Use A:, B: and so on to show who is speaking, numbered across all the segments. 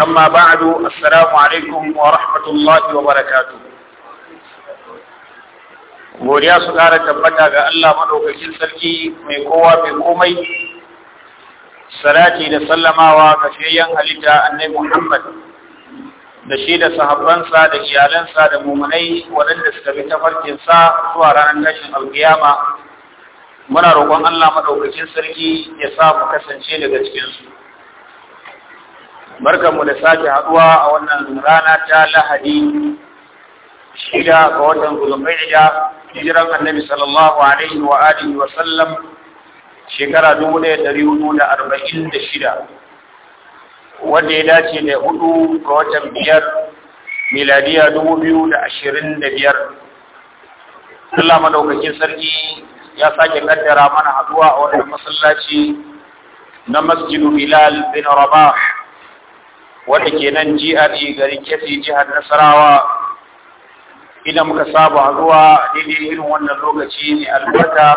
A: أما بعد السلام عليكم ورحمة wa barakatu. godiya su ƙara tabbata ga Allah maɗaukakin sarki mai kowa mai komai salati da sallamawa ga shayyan halitta annai Muhammad da shi da sahabbansa da iyalansa da mumunai waɗanda suka bi tafarkinsa zuwa ranar tashin alkiyama muna rokon Allah maɗaukakin sarki ya sa mu kasance daga cikinsu barkanmu da sake haduwa a wannan rana ta lahadi shida ga watan zulhijja hijiran annabi sallallahu alaihi wa alihi wa sallam shekara dubu ɗaya ɗari hudu da arba'in da shida wanda ya dace da hudu ga watan biyar miladiya dubu biyu da ashirin da biyar Allah madaukakin sarki ya sake kaddara mana haduwa a wannan masallaci na masjidu bilal bin rabah wanda ke nan GRE garin Kesi jihar Nasarawa idan muka saba zuwa daidai irin wannan lokaci ne albarka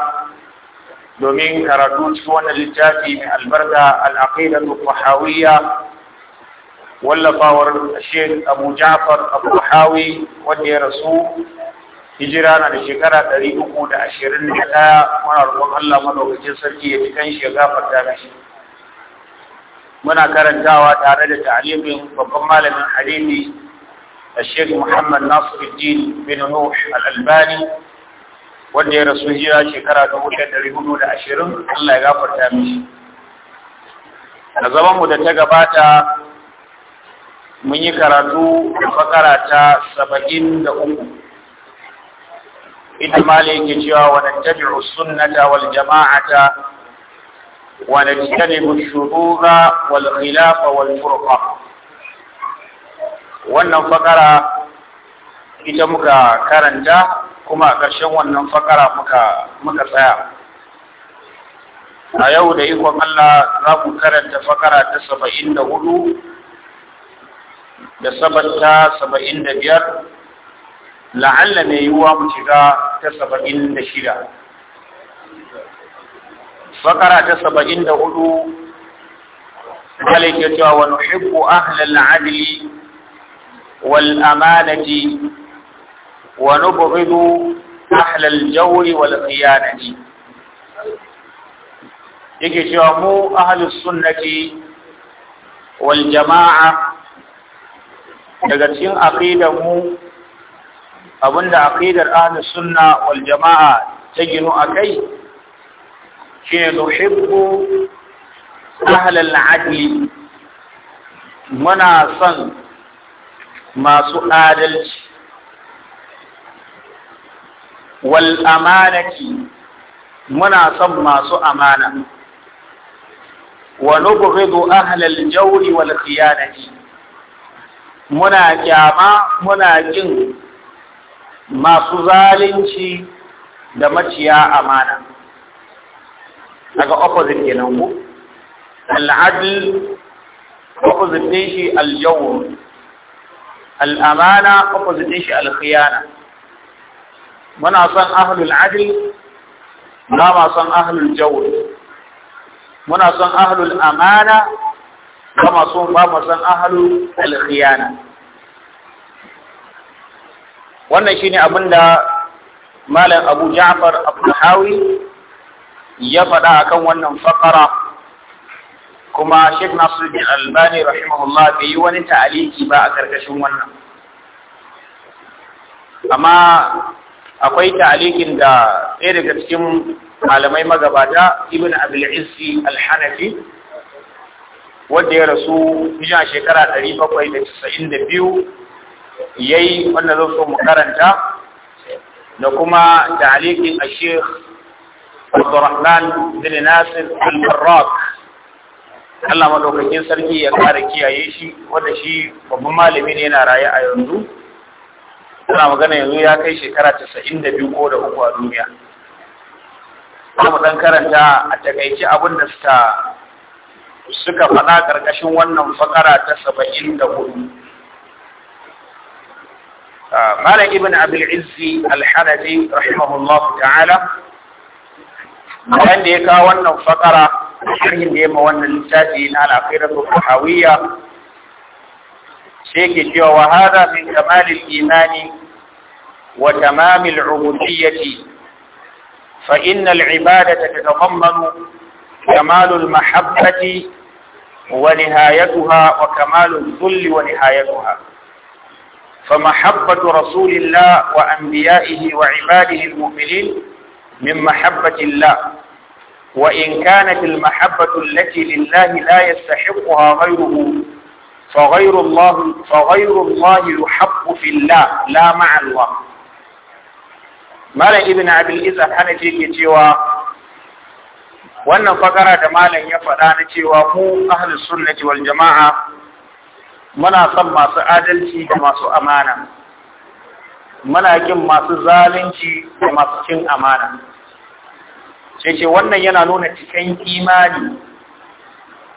A: domin karatu cikin wannan littafi mai albarka al'aqidatu tahawiyya wallafawar Sheikh Abu Ja'far Abu Hawi wanda ya rasu hijira na da shekara ɗari uku da ashirin da muna roƙon Allah madaukakin sarki ya fi kan shi ya gafarta mishi muna karantawa tare da ta'alimin babban malamin hadisi Sheikh Muhammad Nasiruddin bin Nuh Al-Albani wanda ya rasu jiya shekara ta ashirin, Allah ya gafarta mishi a zaman mu da ta gabata mun yi karatu da fakara ta uku. ita mala yake cewa wa nattabi'u sunnata wal jama'ata ونجتنب الشذوذ والخلاف والفرقة wannan fakara ita muka karanta kuma a ƙarshen wannan fakara muka tsaya a yau da ikon Allah za ku karanta fakara ta saba'in da hudu da saba'in da biyar la'alla mai yiwuwa mu shiga ta saba'in da shida bakara ta saba'in da hudu malik ke cewa wani hibbu ahlal adli wal amanati wani nubghidu ahlal jauri wal khiyanati yake cewa mu ahalus sunnati wal jama'a daga cikin aqidar mu abinda aqidar ahlus sunna wal jama'a ta ginu akai shine nuhibbu ahlal adli muna son masu adalci wal amanati muna son masu amana wa nubghidu ahlal jawri wal khiyanati muna kyama muna kin masu zalunci da maciya amana daga opposite kenan ku al'adl opposite din shi al-jawr al'amana opposite din shi al-khiyana muna son ahlul adl ba ma son ahlul jawr muna son ahlul amana ba ma son ba ma son ahlul al-khiyana wannan shine abinda malam Abu Ja'far Abu ya faɗa a kan wannan fakara kuma Sheikh Nasiruddin Albani rahimahullah bai yi wani ta'aliki ba a karkashin wannan amma akwai ta'alikin da ɗaya daga cikin malamai magabata Ibn Abdul Izzi Al-Hanafi wanda ya rasu a shekara da 792 yayi wannan zo mu karanta da kuma ta'alikin Sheikh عبد الرحمن بن ناصر البراك Allah madaukakin sarki ya kare kiyaye shi wanda shi babban malami ne yana raye a yanzu ana magana yanzu ya kai shekara 92 ko da uku a duniya kuma dan karanta a takaici abin da suka suka faɗa ƙarƙashin wannan fakara ta 74 Malam Ibn Abdul Izzi Al-Hanafi rahimahullahu ta'ala bayan da ya kawo wannan fakara sharhin da ya ma wannan littafi na al-aqidatu tahawiyya sai ke cewa wa hada min kamalil imani wa tamamil ubudiyyati fa innal ibadata tatadammanu kamalul mahabbati wa nihayatuha wa kamalul dhulli wa nihayatuha فمحبة رسول الله وأنبيائه وعباده المؤمنين من محبة الله وإن كانت المحبة التي لله لا يستحقها غيره فغير الله فغير الله يحب في الله لا مع الله مالا ابن أبي الإذن أنا جيك تيوا وأن فقرة da malam ya مو أهل السنة والجماعة ahlus sunnati سعادتي وما muna son masu adalci da masu amana muna kin masu zalunci da masu cin amana sai ce wannan yana nuna cikin imani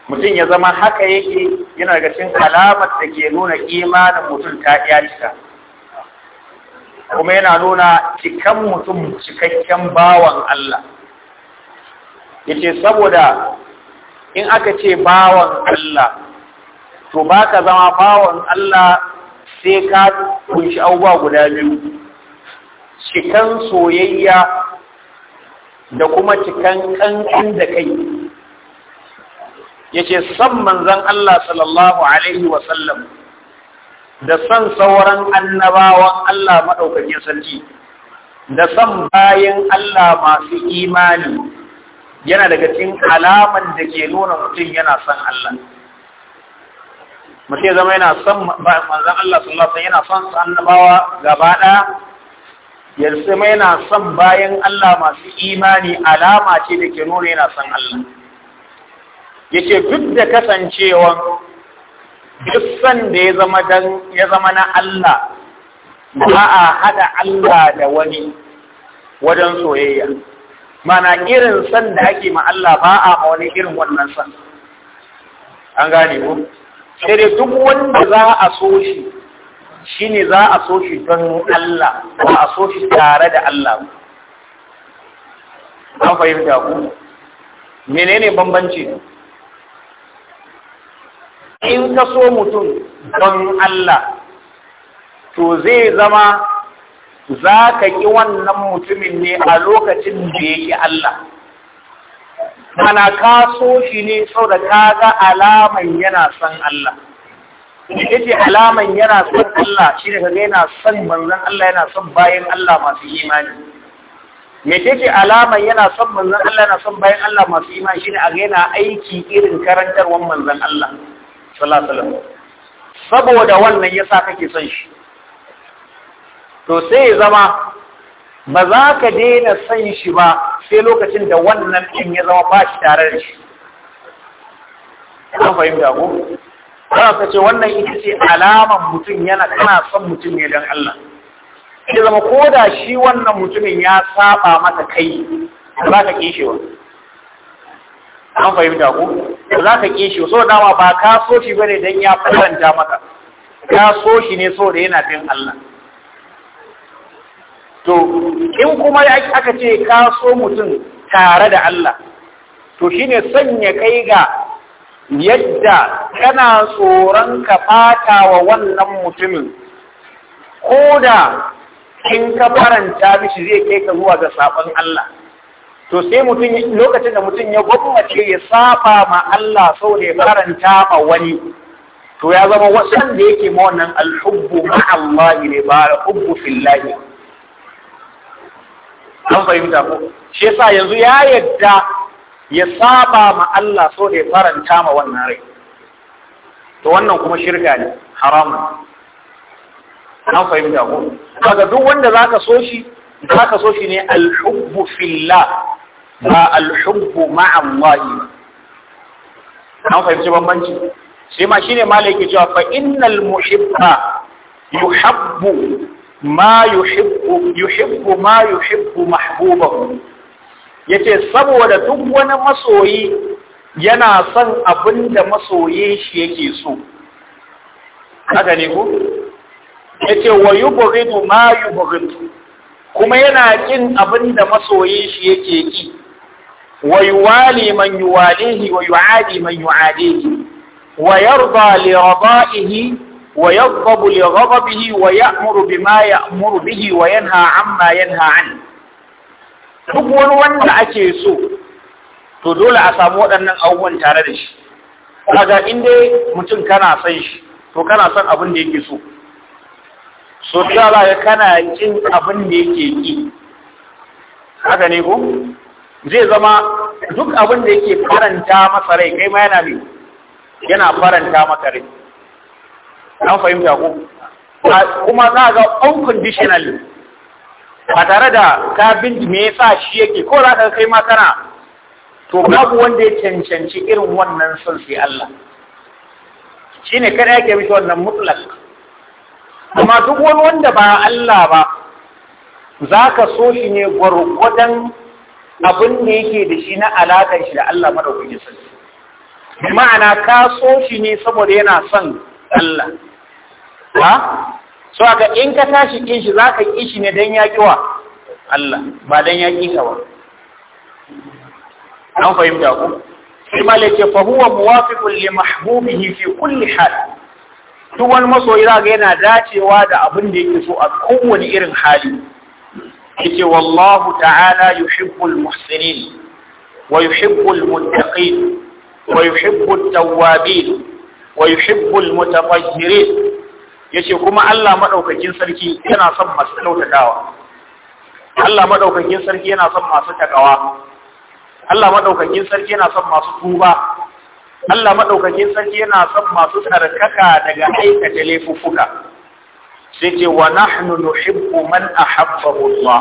A: mutum ya zama haka yake yana daga cikin alamar da ke nuna imanin mutum ta iya kuma yana nuna cikan mutum cikakken bawan Allah yace saboda in aka ce bawan Allah to baka zama bawan Allah sai ka kunshi abubuwa guda biyu cikan soyayya da kuma cikan kankan da kai yace san manzon Allah sallallahu alaihi wa sallam da san sauran annabawan Allah maɗaukakin sarki da san bayan Allah masu imani yana daga cikin alaman da ke nuna mutum yana san Allah mutum zama yana son manzan Allah sun alaihi yana son su annabawa gaba ɗaya ya zama yana son bayan Allah masu imani alama ce da ke nuna yana son Allah yake duk da kasancewa duk son da ya zama dan ya zama na Allah ba a hada Allah da wani wajen soyayya mana irin san da ake ma Allah ba a ma wani irin wannan san an gane ku sai duk wanda za a so shi ne za a so shi don Allah ba a so shi tare da Allah an fahimta ku menene bambanci in ka so mutum don Allah to zai zama za ka ƙi wannan mutumin ne a lokacin da yake Allah ka so shi ne sau da kaga alaman yana son Allah yace alaman yana son Allah shi ne kaga yana son manzon Allah yana son bayan Allah masu imani yace ce alaman yana son manzon Allah yana son bayan Allah masu imani shi ne a yana aiki irin karantarwar manzon Allah sallallahu alaihi saboda wannan yasa kake son shi to sai ya zama ba za ka daina son shi ba sai lokacin da wannan ɗin ya zama ba shi tare da shi an fahimta ko kana ka ce wannan ita ce alaman mutum yana kana son mutum ne don Allah ya zama ko da shi wannan mutumin ya saba mata kai za ka kishe wa an fahimta ko za ka kishe wa so dama ba ka so shi bane don ya faranta maka ka so shi ne so da yana bin Allah to in kuma aka ce ka so mutum tare da Allah to shine sanya kai ga yadda kana tsoron ka fata wa wannan mutumin ko da in ka faranta mishi zai kai ka zuwa ga sabon Allah to sai mutum lokacin da mutum ya gwammace ya saba ma Allah sau da ya faranta ma wani to ya zama wasan da yake ma wannan alhubbu ma'allahi ne ba hubbu fillahi an fahimta ko shi yasa yanzu ya yadda ya saba ma Allah so da ya faranta ma wannan rai to wannan kuma shirka ne haramun an fahimta ko kaga duk wanda zaka so shi zaka so shi ne al-hubbu fillah ba al-hubbu ma'a Allah an fahimci bambanci sai ma shine malai cewa fa innal muhibba yuhabbu ma yuhibbu yuhibbu ma yuhibbu mahbubahu yace saboda duk wani masoyi yana son abin da masoyin shi yake so haka ne ko yace wa yubghidu ma yubghidu kuma yana kin abin da masoyin shi yake ki wa yuwali man yuwalihi wa yuadi man yuadihi wa yarda li rada'ihi ويغضب لغضبه ويأمر بما يأمر به وينهى عما ينهى عنه duk wani wanda ake so to dole a samu waɗannan abubuwan tare da shi kaga in dai mutum kana son shi to kana son abin da yake so so ta za ka kana kin abin da yake ki haka ne ko zai zama duk abin da yake faranta masa rai kai ma yana mai yana faranta maka rai an fahimta ko kuma za ga unconditional ba tare da ka binci me yasa shi yake ko za ka kai ma kana to babu wanda ya cancanci irin wannan son sai Allah shine kada yake bi wannan mutlak amma duk wani wanda ba Allah ba za ka so shi ne gwargwadon abin da yake da shi na alaƙar shi da Allah madaukakin sarki ma'ana ka so shi ne saboda yana son Allah ha so aka in ka tashi kin shi zaka yi shi ne dan yaki wa Allah ba dan yaki ka ba an fahimta ku sai malaka fa huwa muwafiqun li mahbubihi fi kulli hal duk wani masoyi zaka yana dacewa da abin da yake so a kowane irin hali yake wallahu ta'ala yuhibbul muhsinin wa yuhibbul muttaqin wa yuhibbut tawwabin wa yuhibbul mutatahhirin Ya ce kuma Allah maɗaukakin sarki yana son masu kyautatawa Allah maɗaukakin sarki yana son masu takawa Allah maɗaukakin sarki yana son masu tuba Allah maɗaukakin sarki yana son masu tsarkaka daga aikata laifuffuka sai ce wa nahnu nuhibbu man ahabbahu Allah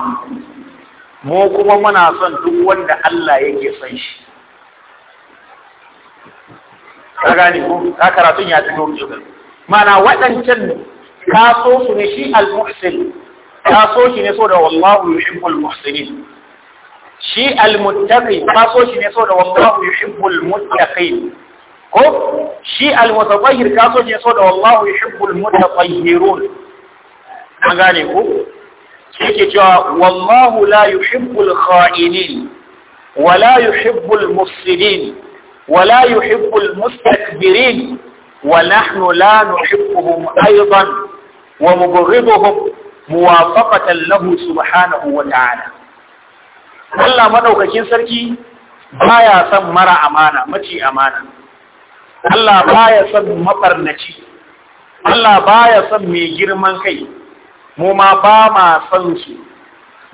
A: mu kuma muna son duk wanda Allah yake son shi ka gane ko ka karatun ya ci kenan mana waɗancan ka so su ne shi al-muhsin ka so shi ne so da wallahu yuhibbul muhsinin shi al-muttaqi ka so shi ne so da wallahu yuhibbul muttaqin ko shi al-mutatahhir ka so shi ne so da wallahu yuhibbul mutatahhirun an gane ku yake cewa wallahu la yuhibbul kha'inin wala yuhibbul mufsidin wala yuhibbul mustakbirin ونحن لا نحبهم أيضا ومبغضهم موافقة له سبحانه وتعالى Allah madaukakin sarki baya son mara amana mace amana Allah ya son mabarnaci Allah baya son mai girman kai mu ma ba ma su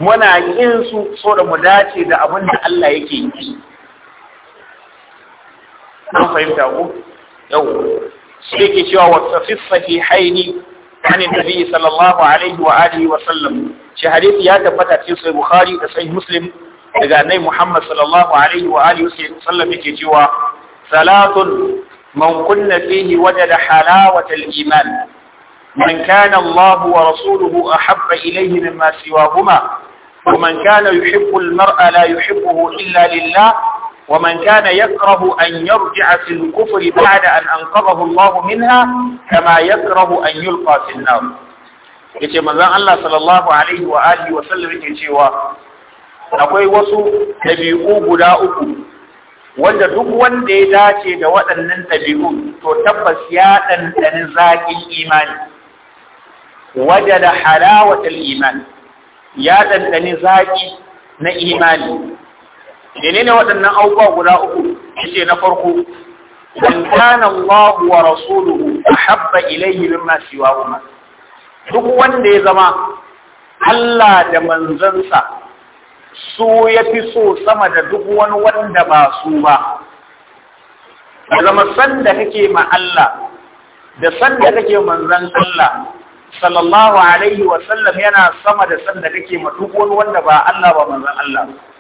A: muna yin su so da mu dace da abin da Allah yake yi an fahimta ko yau sai ke cewa wa fi sahihaini an annabi sallallahu alaihi wa alihi wa sallam shi hadisi ya tabbata cikin sahih bukhari da sahih muslim daga annabi muhammad sallallahu alaihi wa alihi wa sallam yake cewa salatun man kunna fihi wajada halawatal iman من كان الله ورسوله أحب إليه مما سواهما ومن كان يحب المرأة لا يحبه إلا لله ومن كان يكره أن يرجع في الكفر بعد أن أنقذه الله منها كما يكره أن يلقى في النار yace manzon Allah sallallahu alaihi wa alihi wa sallam yake cewa akwai wasu ɗabi'u guda uku wanda duk wanda ya dace da waɗannan dabi'u to tabbas ya dandani zaƙin imani wajada halawatul iman ya dandani zaƙi na imani menene waɗannan abubuwa guda uku yace na farko in kana Allah wa rasuluhu ahabba ilayhi mimma siwahuma duk wanda ya zama Allah da manzansa su yafi so sama da duk wani wanda ba su ba zama sanda kake ma Allah da sanda kake manzan Allah sallallahu alaihi wa sallam yana sama da sanda kake ma duk wani wanda ba Allah ba manzan Allah ba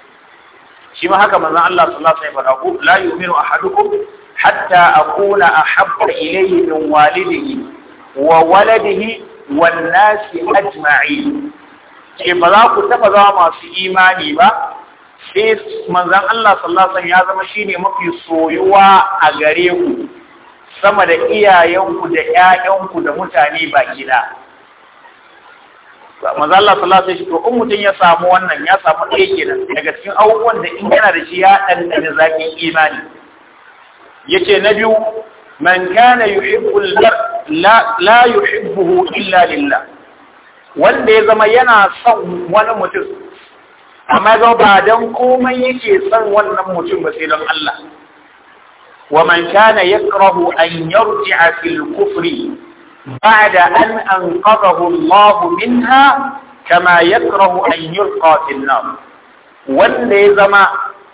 A: shi ma haka manzon Allah sallallahu alaihi wasallam ya faɗa la yu'minu ahadukum hatta akuna ahabba ilayhi min walidihi wa waladihi wan nasi ajma'in ke ba za ku taba zama masu imani ba sai manzon Allah sallallahu alaihi wasallam ya zama shine mafi soyuwa a gare ku sama da iyayenku da ƴaƴanku da mutane baki da manzo Allah sallallahu alaihi wasallam to in mutun ya samu wannan ya samu ɗaya kenan daga cikin abubuwan da in yana da shi ya dan zaki imani yace na biyu man kana yuhibbu la la yuhibbuhu illa lillah wanda ya zama yana son wani mutum amma ba dan komai yake son wannan mutum ba sai don Allah wa man kana yakrahu an yarji'a fil kufri بعد أن أنقذه الله منها كما يكره أن يلقى في النار wanda ya zama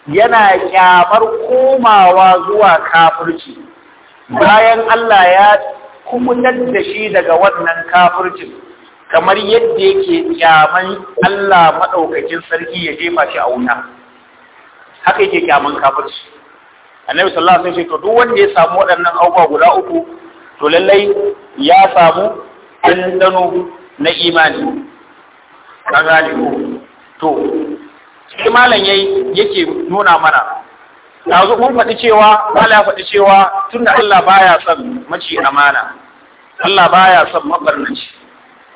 A: yana kyamar komawa zuwa kafirci bayan Allah ya kumutar da shi daga wannan kafircin kamar yadda yake kyaman Allah maɗaukakin sarki ya jefa shi a wuta haka yake kyaman kafirci annabi sallallahu alaihi wasallam to duk wanda ya samu waɗannan abubuwa guda uku to lallai ya samu ɗanɗano na imani an to sai malam yayi yake nuna mana yanzu mun faɗi cewa Allah ya faɗi cewa tunda Allah baya son maci amana Allah baya son mabarnaci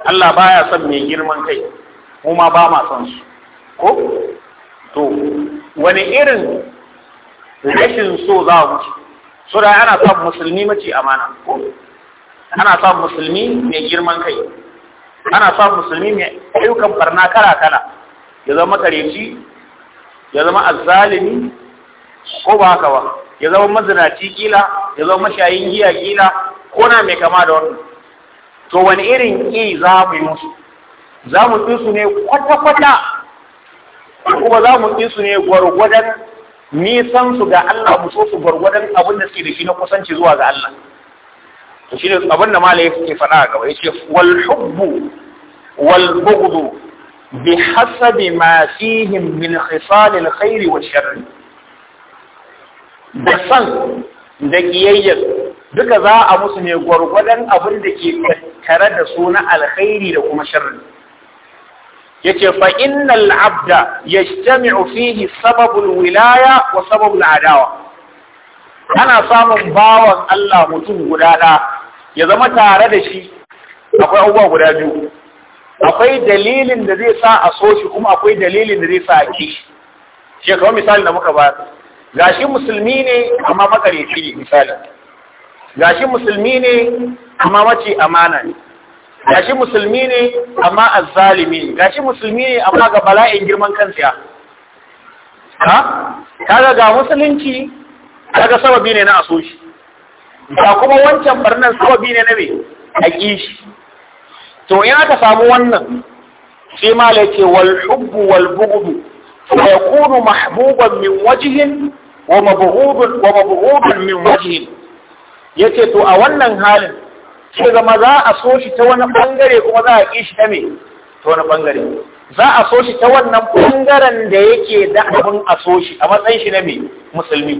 A: Allah baya son mai girman kai mu ma ba ma son su ko to wani irin rashin so za mu ci so da ana son musulmi mace amana ko ana samun musulmi mai girman kai ana samun musulmi mai ayyukan barna kala-kala ya zama kareci ya zama azzalimi ko ba haka ba ya zama mazinaci kila ya zama mashayin giya kila ko na mai kama da wannan to wani irin ƙi za mu yi musu za mu ƙi su ne kwata-kwata kuma za mu ƙi su ne gwargwadon nisan su ga Allah mu so su gwargwadon abin da suke da shi na kusanci zuwa ga Allah shi ne abin da malai ke faɗa a gaba yace wal hubbu wal bughdu bi hasabi masihin min khisal khairi wa sharr da san da kiyayyar duka za a musu ne gwargwadon abin da ke tare da su na alkhairi da kuma sharri yace fa innal abda yajtami'u fihi sababul wilaya wa sababul adawa ana samun bawan Allah mutum guda ɗaya ya zama tare da shi akwai abubuwa guda biyu akwai dalilin da zai sa a so shi kuma akwai dalilin da zai sa a ki shi shekaru misali da muka ba shi musulmi ne amma makareci ne misali shi musulmi ne amma mace amana ne shi musulmi ne amma azzalimi ne shi musulmi ne amma ga bala'in girman kansa ha kaga ga musulunci kaga sababi ne na asoshi. shi ba kuma wancan barnan sababi ne na me a kishi to ya ta samu wannan sai ma la ce wal hubbu wal bughd fa yakunu mahbuban min wajhin wa mabghudun wa mabghudun min wajhin yace to a wannan halin sai zama za a so shi ta wani bangare kuma za a kishi ta me ta wani bangare za a so shi ta wannan bangaren da yake da abin a so shi a matsayin shi na me musulmi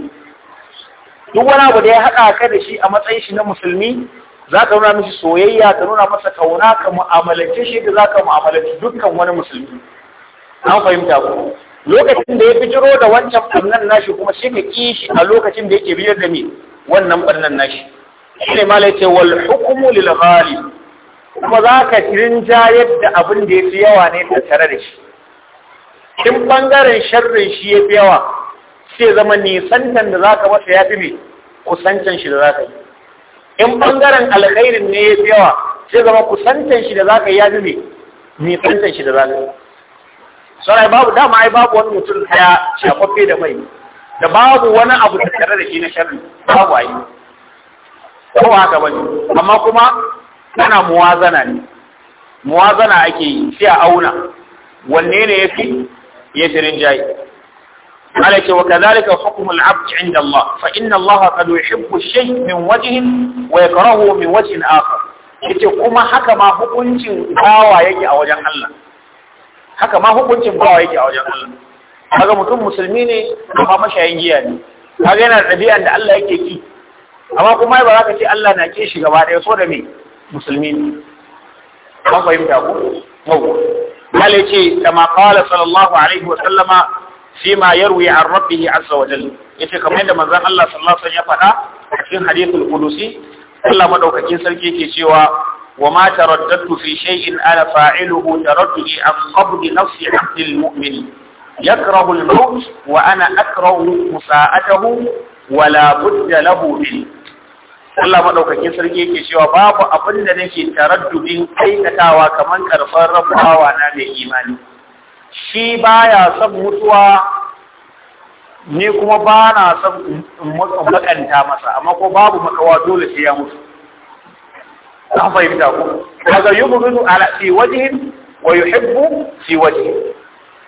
A: duk wani abu da ya haɗa ka da shi a matsayin shi na musulmi za ka nuna mishi soyayya ka nuna masa kauna ka mu'amalance shi da za ka mu'amalance dukkan wani musulmi an fahimta ku lokacin da ya bijiro da wancan ɓannan nashi kuma shi ka ƙi shi a lokacin da yake biyar da me wannan ɓannan nashi shi ne malai ce wal hukumu lil ghali kuma za ka rinja yadda abin da ya fi yawa ne tattare da shi in ɓangaren sharrin shi ya fi yawa sai zama nisan nan da ka masa ya fi mai kusantan shi da za ka yi in bangaren alkhairin ne ya fi yawa sai zama kusantan shi da za ka yi ya fi mai nisantan shi da za ka yi sarai babu dama ai babu wani mutum haya shafaffe da mai da babu wani abu da tare da shi na sharri babu ayi ko haka bane amma kuma ana muwazana ne muwazana ake yi sai a auna wanne ne yafi ya tirin jayi قال وكذلك حكم العبد عند الله فإن الله قد يحب الشيء من وجه ويكرهه من وجه آخر yake kuma haka ma hukuncin bawa yake a wajen Allah haka ma hukuncin bawa yake a wajen Allah kaga mutum musulmi ne amma mashayin giya ne kaga yana ɗabi'an da Allah yake ki amma kuma ba za ka ce Allah na ke shi gaba ɗaya so da me musulmi ne Ba fahimta ko yawa Allah ya ce qala sallallahu alaihi wa sallama fi ma yarwi an rabbihi azza yace kamar yadda manzon Allah sallallahu alaihi wasallam ya faɗa a cikin hadithul qudusi Allah madaukakin sarki yake cewa wa ma taraddadtu fi shay'in ana fa'iluhu taraddudi an qabdi nafsi 'abdil mu'min yakrahu al-maut wa ana akrahu musa'atahu wa la budda lahu min Allah madaukakin sarki yake cewa babu abin da nake taraddudin aikatawa kamar karfan rabawa na mai imani shi ya son mutuwa ni kuma ba na son makanta masa amma ko babu makawa dole sai ya mutu Na fahimta ku daga mutu ala fi wajhin wa yuhibbu fi wajhi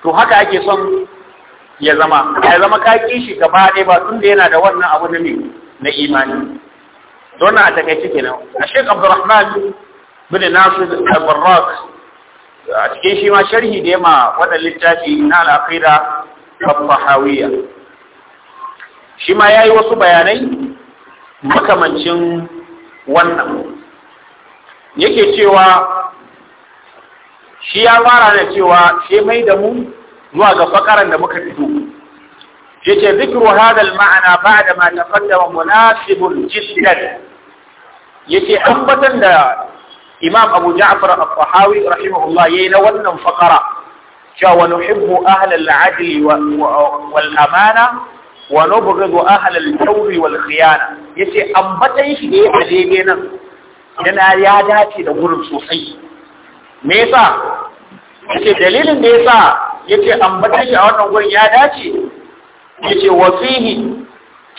A: to haka ake son ya zama ya zama ka kishi gaba ɗaya ba tun da yana da wannan abu na na imani don a takaici kenan a shek abdurrahman bin nasir al-barrak a cikin shi ma sharhi da yamma wannan littafi na al-aqida fahawiya shi ma yayi wasu bayanai makamancin wannan yake cewa shi ya fara da cewa shi mai da mu zuwa ga fakaran da muka fito yace zikru hada al-ma'ana ba'da ma taqaddama munasibun jiddan yace ambatan da imam abu ja'far al-tahawi rahimahullah yayi na wannan fakara cewa nuhibbu ahlal adli wal amana wa nubghidu ahlal jawri wal khiyana yace ambatan shi da a daidai nan yana ya dace da gurin sosai me yasa yace dalilin da yasa yace ambatan shi a wannan gurin ya dace yace wa fihi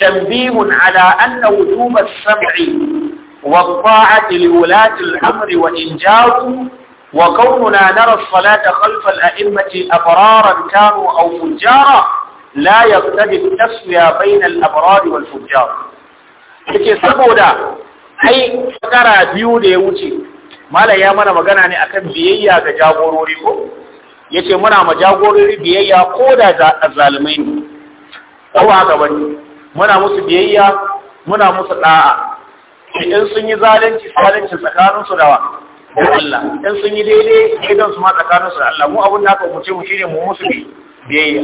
A: tanbihun ala anna wujub as-sam'i والطاعة لولاة الأمر وإنجاب وكوننا نرى الصلاة خلف a أبرارا كانوا أو فجارا لا يقتدي التسوية بين الأبرار والفجار yake saboda ai fakara biyu da ya wuce malam ya mana magana ne akan biyayya ga jagorori ko yace muna ma jagorori biyayya ko da zalimai ne ko haka bane muna musu biyayya muna musu da'a in sun yi zalunci zalunci tsakanin su da Allah in sun yi daidai idan su ma tsakanin su da Allah mu abin da aka umarce mu shine mu musu biyayya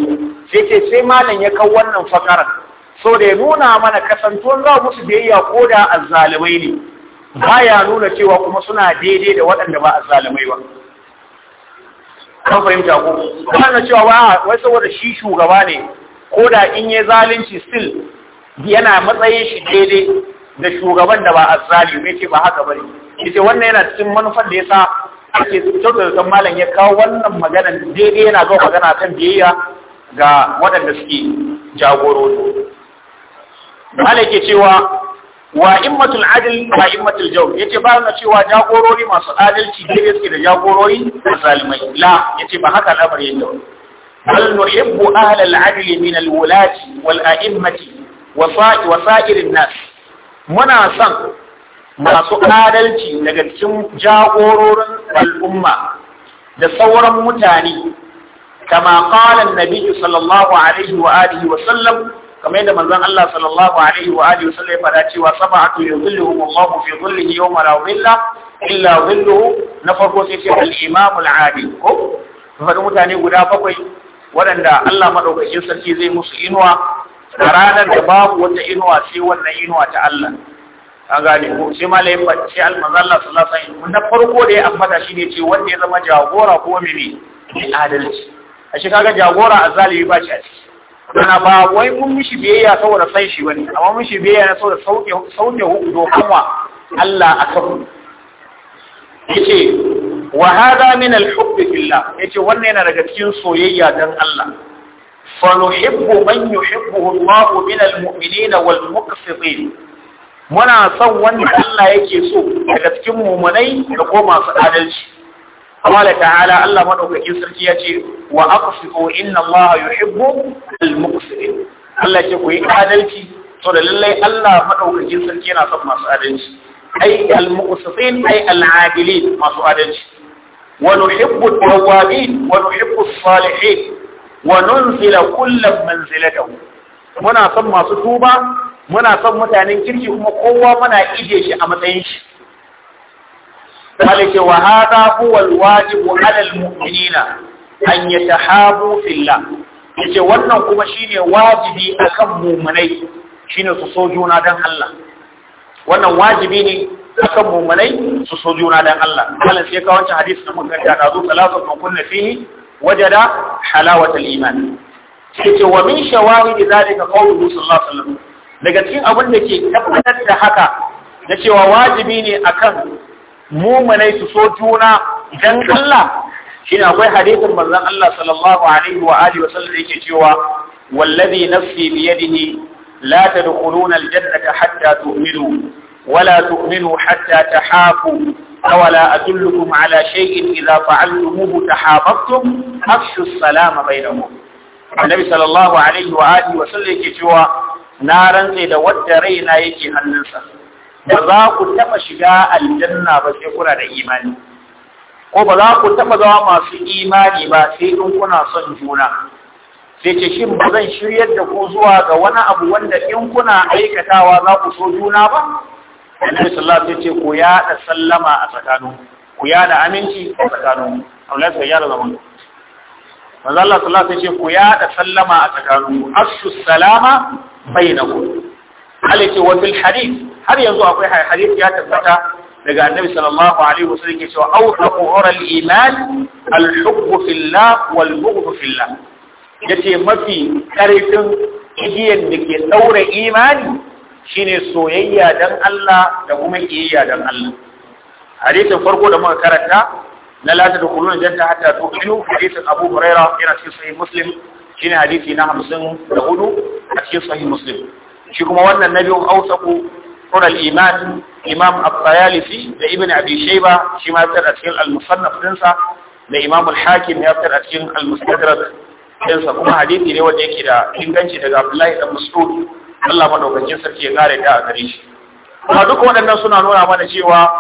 A: sai ce sai malam ya kawo wannan fakarar so da ya nuna mana kasantuwan za musu biyayya ko da azzalumai ne ba ya nuna cewa kuma suna daidai da waɗanda ba azzalumai ba kan fahimta ko kana cewa ba wai saboda shi shugaba ne ko da in yi zalunci still yana matsayin shi daidai da shugaban da ba azzalimi ce ba haka bane ce wannan yana cikin manufar da yasa ake tsotsa san malam ya kawo wannan magana daidai yana ga magana kan biyayya ga waɗanda suke jagorori malam ke cewa wa immatul adl wa immatul jaw yace ba na cewa jagorori masu adalci daidai suke da jagorori zalimai la yace ba haka lamarin yake bal nuhibbu ahlal adl min al wal a'immati wa sa'ir an-nas muna son masu adalci daga cikin jagororin al'umma da sauran mutane kama kalan nabi sallallahu alaihi wa alihi Allah sallallahu alaihi wa alihi wa sallam ya fada cewa sab'atu fi dhillihi yawma la dhilla illa dhilluhu na farko sai ce al-imam al ko mutane guda bakwai waɗanda Allah madaukakin sarki zai musu inuwa a ranar da babu wata inuwa sai wannan inuwa ta Allah an gane ko sai malayin bacci almazalla sallallahu alaihi wasallam na farko da ya ambata shine ce wanda ya zama jagora ko mene ne adalci a shi kaga jagora a ba shi a ciki
B: kana ba
A: wai mun mishi biyayya saboda san shi bane amma mun shi biyayya na saboda sauke sauke do kuma Allah akan yace wa hada min al billah yace wannan yana daga cikin soyayya dan Allah فنحب من يحبه الله من المؤمنين والمقسطين muna son wanda Allah yake so daga cikin mumunai da ko masu adalci
B: amma da ta'ala
A: Allah madaukakin sarki ya ce wa aqsitu inna Allah yuhibbu al-muqsitin Allah ce ku yi adalci to da lallai Allah madaukakin sarki yana son masu adalci masu adalci wa nuhibbu at-tawwabin salihin wa nunzila kullum manzilatahu muna son masu tuba muna son mutanen kirki kuma kowa muna ije shi a matsayin shi ce wa hada huwa alwajibu ala almu'minina an yatahabu fillah yace wannan kuma shine wajibi akan mu'minai shine su so juna dan Allah wannan wajibi ne akan mu'minai su so juna dan Allah Malam sai ka wancan hadisi da muka karanta da zo salatu kunna fihi wajada halawatul iman ce wa min shawahid zalika qawluhu sallallahu alaihi wasallam daga cikin abin da ke tabbatar da haka na cewa wajibi ne akan mu'minai su so juna dan Allah shine akwai hadisin manzon Allah sallallahu alaihi wa alihi yake cewa wallazi nafsi biyadihi la tadkhuluna aljannata hadda tu'minu ولا تؤمنوا حتى تحافوا أولا أدلكم على شيء إذا فعلتموه تحافظتم أفشوا السلام بينهم النبي صلى الله عليه وآله وسلم كجوا نارا إذا ودرينا يجي هننسا وذاك تفشقاء الجنة بسيقنا الإيمان وبذاك تفضوا ما في إيماني ما في كنا صنجونا sai ce shin ba zan shiryar da ku zuwa ga wani abu wanda in kuna aikatawa za ku so juna ba annabi sallallahu alaihi wasallam ce ku yada sallama a tsakanin ku yada aminci a tsakanin Allah ya yada zaman manzo Allah sallallahu alaihi wasallam ce ku yada sallama a tsakanin asu salama bainakum alaki wa fil hadith har yanzu akwai hadith ya tabbata daga annabi sallallahu alaihi wasallam ke cewa awraqu ural iman al hubb fillah wal bughd fillah yace mafi karfin igiyan da ke daure imani shine soyayya dan Allah da kuma kiyayya dan Allah hadisin farko da muka karanta na la tadkhuluna janna hatta tu'minu hadisin Abu Hurairah yana cikin sahih Muslim shine hadisi na 54 a cikin sahih Muslim shi kuma wannan nabi ausaku qura al-iman imam al da ibn abi shayba shi ma fitar a cikin al-musannaf dinsa da imam al-hakim ya fitar a cikin al-mustadrak dinsa kuma hadisi ne wanda yake da inganci daga Abdullahi ibn Mas'ud Allah madaukakin sarki ya kare ta a gare shi kuma duk waɗannan suna nuna mana cewa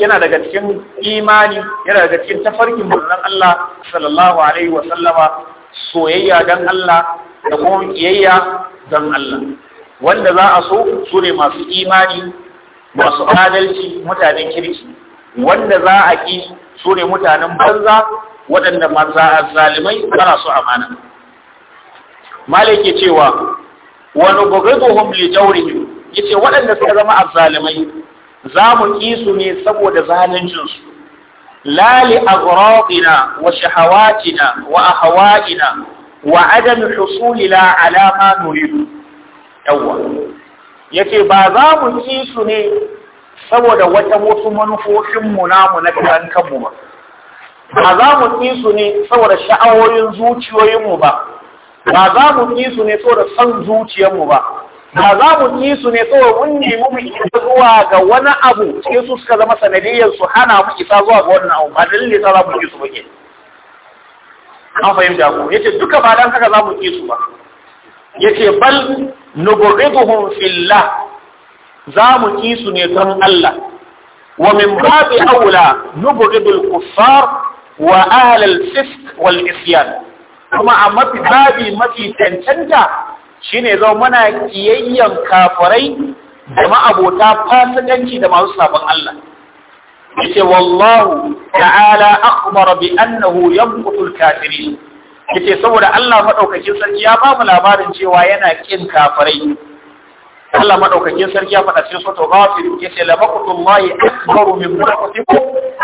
A: yana daga cikin imani yana daga cikin tafarkin manzon Allah sallallahu alaihi wa sallama soyayya dan Allah da kuma kiyayya dan Allah wanda za a so su ne masu imani masu adalci mutanen kirki wanda za a ki su ne mutanen banza waɗanda masu zalimai ba su amana malai ke cewa wa nubghiduhum li jawrihim yace waɗanda suka zama azzalimai za mu ne saboda zalincin su la li agradina wa shahawatina wa ahwaina wa adam husulina ala ma nuridu yawa yace ba za mu ki ne saboda wata wasu manufofin mu namu na karan kanmu ba ba za mu ki ne saboda sha'awoyin zuciyoyin mu ba ba za mu yi su ne saboda san zuciyarmu ba ba za mu yi su ne saboda mun yi mu isa zuwa ga wani abu cikin su suka zama sanadiyyar su hana mu isa zuwa ga wannan abu ba dalilin sa za mu yi su ba ke an fahimta Ya yace duka ba dan haka za mu yi su ba yace bal nubghiduhum fillah za mu ki su ne don Allah wa min babi aula nubghidul kuffar
B: wa ahlal
A: fisq wal isyan kuma a mafi babi mafi cancanta ne zo muna kiyayyan kafirai da ma'abota fasikanci da masu sabon Allah yace wallahu ta'ala akhbara bi annahu yamqutu kafirin yace saboda Allah maɗaukakin sarki ya ba mu labarin cewa yana ƙin kafirai Allah maɗaukakin sarki ya faɗa cikin sura Ghafir yace la baqtullahi akbaru min kusa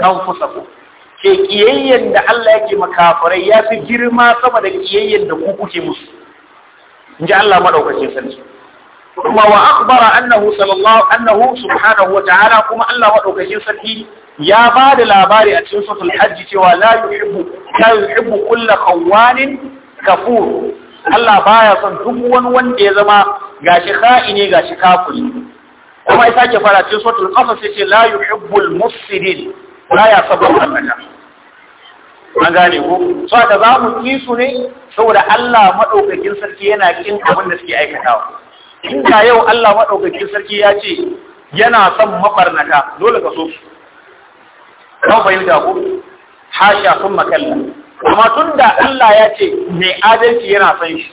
A: anfusakum ke kiyayyen da Allah yake makafarai ya fi girma sama da kiyayyen da ku musu in ji Allah madaukakin sarki kuma wa akhbara annahu sallallahu annahu subhanahu wata'ala kuma Allah maɗaukacin sarki ya ba da labari a cikin suratul hajj cewa la yuhibbu la yuhibbu kullu khawanin kafur Allah baya son duk wani wanda ya zama gashi kha'ine gashi kafiri kuma ya sake fara cikin suratul qasas yace la yuhibbul mufsidin baya sabon Allah an gane ko so haka za mu ƙi su ne saboda Allah maɗaukakin sarki yana kin abin da suke aikatawa in ga yau Allah maɗaukakin sarki ya ce yana son mabarnata dole ka so ka kan fahimta ko hasha sun makalla amma tun da Allah ya ce mai adalci yana son shi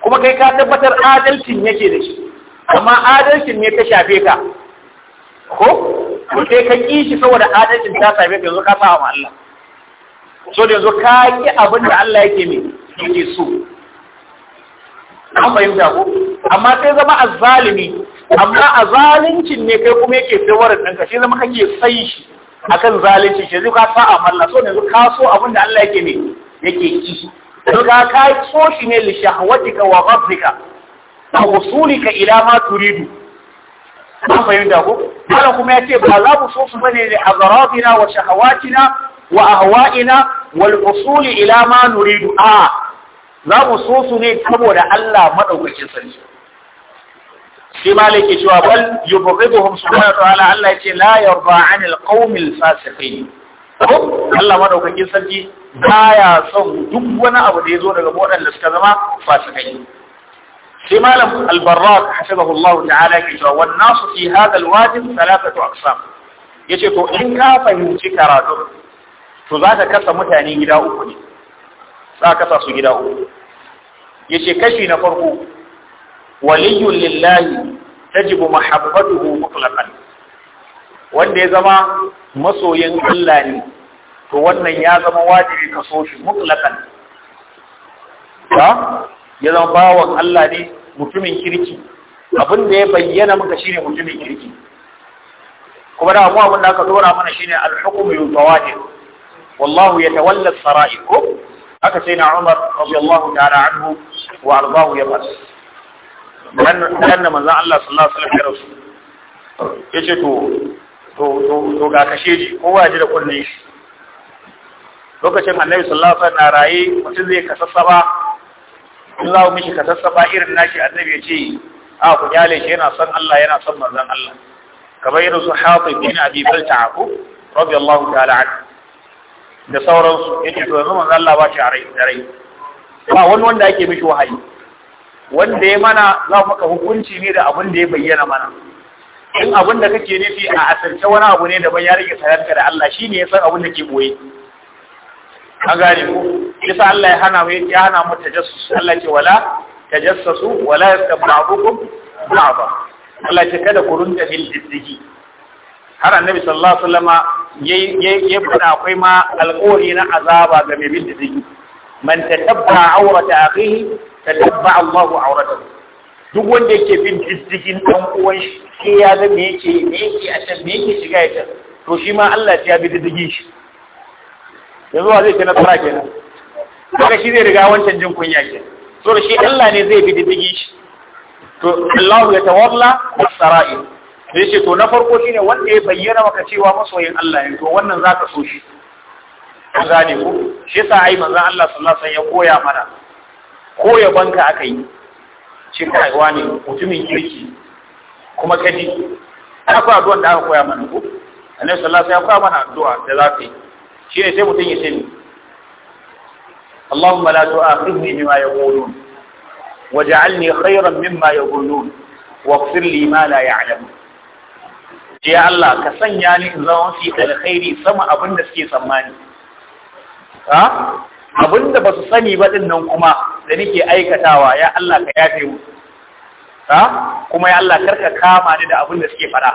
A: kuma kai ka tabbatar adalcin yake da shi amma adalcin ne ta shafe ka ko ko kai ka kishi shi saboda adalcin ta shafe ka yanzu ka sa wa Allah so da yanzu ka yi abin da Allah yake mai yake so an fahimta ko amma sai zama a zalimi amma a zalincin ne kai kuma yake sai warin ɗanka sai zama kake sai shi akan zalincin shi zai ka sa a malla so da yanzu ka so abin da Allah yake mai yake ki Daga ka so shi ne li shahwatika wa ghadbika wa usulika ila ma turidu an fahimta ko Allah kuma ya ce ba za mu so su bane da azrafina wa shahawatina wa ahwa'ina wal usul ila ma nuridu a za mu so su ne saboda Allah madaukakin sarki sai malik ya cewa bal yubghiduhum subhanahu wa ta'ala Allah yace la yarda 'anil qaumil fasiqin Allah madaukakin sarki baya son duk wani abu da yazo daga waɗanda suka zama fasikai sai malam al-barrak hasabahu Allah ta'ala ke cewa wan nasu fi hadha al-wajib thalathatu aqsam yace to in ka fahimci karatu to za ka kasa mutane gida uku ne za ka kasa su gida uku ya ce kashi na farko waliyun lillahi tajibu mahabbatuhu mutlaqan wanda ya zama masoyin Allah ne to wannan ya zama wajibi ka so shi mutlaqan ta ya zama bawon Allah ne mutumin kirki abin da ya bayyana maka shine mutumin kirki kuma da mu abin da aka dora mana shine al-hukmu yutawatir wallahu yatawalla as-sara'ir ko haka sai na Umar radiyallahu ta'ala anhu wa ardahu ya bas dan dan manzon Allah sallallahu alaihi wasallam ya ce to to to ga kashe ji kowa ji da kullun lokacin Annabi sallallahu alaihi na raye mutum zai kasassaba in za mu mishi kasassaba irin nashi Annabi ya ce a ku yana son Allah yana son Allah kamar irin su Hatib bin Abi ko radiyallahu ta'ala da sauransu yake to yanzu manzo Allah ba shi a rai da rai ba wani wanda ake mishi wahayi wanda ya mana za mu ka hukunci ne da abin da ya bayyana mana in abin da kake nufi a asirce wani abu ne daban ya rike sayarka da Allah shine ya san abin da ke boye an gane ku yasa Allah ya hana mu ya hana mu tajassus Allah ce wala tajassasu wala yastab ba'da Allah ce kada ku runta bil har annabi sallallahu alaihi wasallama yayi fada akwai ma alƙawari na azaba ga mai bin diddigi man tatabba awrata akhihi tatabba Allahu awrata duk wanda yake bin diddigin dan uwan shi sai ya ga me yake me yake a can me yake shiga ya to shi ma Allah ya bi diddigin shi yanzu wa zai ce na tsara kenan kaga shi zai riga wancan jin kunya kenan so da shi Allah ne zai bi diddigin shi to Allah ya tawalla as-sara'i sai ce to na farko shine wanda ya bayyana maka cewa masoyin Allah ne to wannan zaka so shi ko gane ko shi yasa ai manzon Allah sallallahu alaihi wasallam ya koya mana koya banka akai shi kai wani mutumin kirki kuma kaji ana koya addu'a da aka koya mana ko annabi sallallahu alaihi wasallam ya koya mana addu'a da za yi shi ne sai mutum ya ce Allahumma la tu'akhidhni bima yaqulun waj'alni khayran mimma yaqulun واغفر لي ما لا يعلمون ya Allah ka sanya ni in zama fi alkhairi sama abin da suke tsammani ha abin da ba su sani ba din nan kuma da nake aikatawa ya Allah ka yafe mu ha kuma ya Allah karka kama ni da abin da suke fada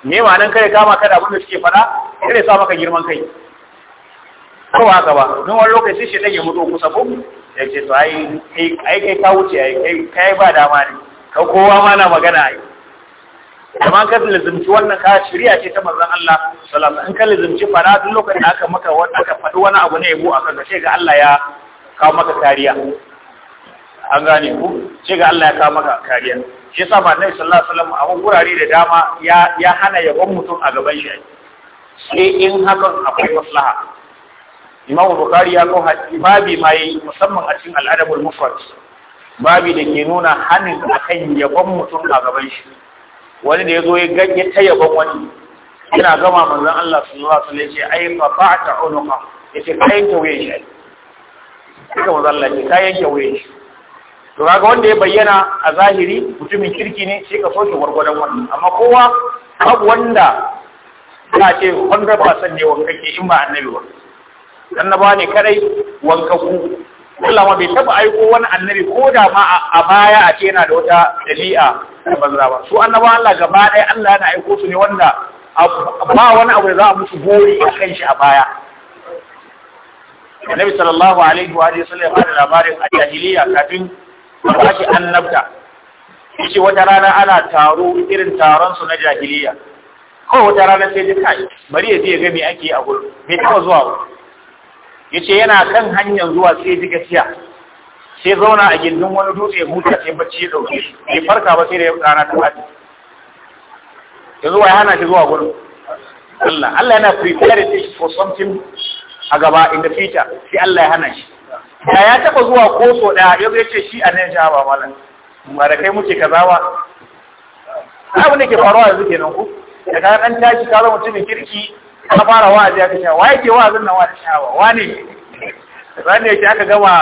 A: me ma'anar kare kama ka da abin da suke fada kare sa maka girman kai ko aka ba don wani lokaci shi ya mutu kusa ko ya ce to ai kai kai ka wuce ai kai ba dama ne ka kowa ma na magana ai amma ka lazimci wannan ka shirya ce ta manzon Allah sallallahu alaihi wasallam in ka lazimci fara duk lokacin da aka maka wani aka fadi wani abu ne yabo akan sai ga Allah ya kawo maka kariya an gane ku sai ga Allah ya kawo maka kariya shi yasa ba nabi sallallahu alaihi wasallam a gurare da dama ya ya hana yabon mutum a gaban shi sai in hakan akwai maslaha Imam Bukhari ya kawo babi mai musamman a cikin Al-Adabul Mufrad babi da ke nuna hanin akan yabon mutum a gaban shi wani da ya zo ya ganye ta yaban wani yana gama manzan Allah sallallahu alaihi wasallam ya ce ba fa fa'ata unuqa ya ce ka yanke wuyan shi haka manzan Allah ya ka yanke wuyan shi to kaga wanda ya bayyana a zahiri mutumin kirki ne sai ka soke gwargwadon wani amma kowa babu wanda za ce wanda ba san ne wanka ke in ba annabi ba annaba ne kadai wanka ku Allah ma bai taba aiko wani annabi ko da ma a baya a ce yana da wata dabi'a da banza ba su annaba Allah gaba ɗaya Allah yana aiko su ne wanda ba wani abu da za a musu gori a kan shi a baya Annabi sallallahu alaihi wa sallam ya da labarin a jahiliya kafin ba shi annabta yace wata rana ana taro irin taron su na jahiliya ko wata rana sai ji kai bari ya je ya ga me ake a gurin Me ta zuwa ba yace yana kan hanyar zuwa sai ji gaskiya sai zauna a gindin wani dutse ya huta sai bacci ya dauke shi bai farka ba sai da rana ta fadi ya zuwa ya hana shi zuwa gurin Allah Allah yana prepare this for something a gaba in the future sai Allah ya hana shi da ya taba zuwa koso da ya zai ce shi a nan jiha ba malam ba da kai muke kaza ba abu ne ke faruwa yanzu kenan ku da ka dan tashi ka zama mutumin kirki ka fara wa'azi ya kashe wa yake wa'azin nan wa ta shawa wa ne ran ne yake aka gama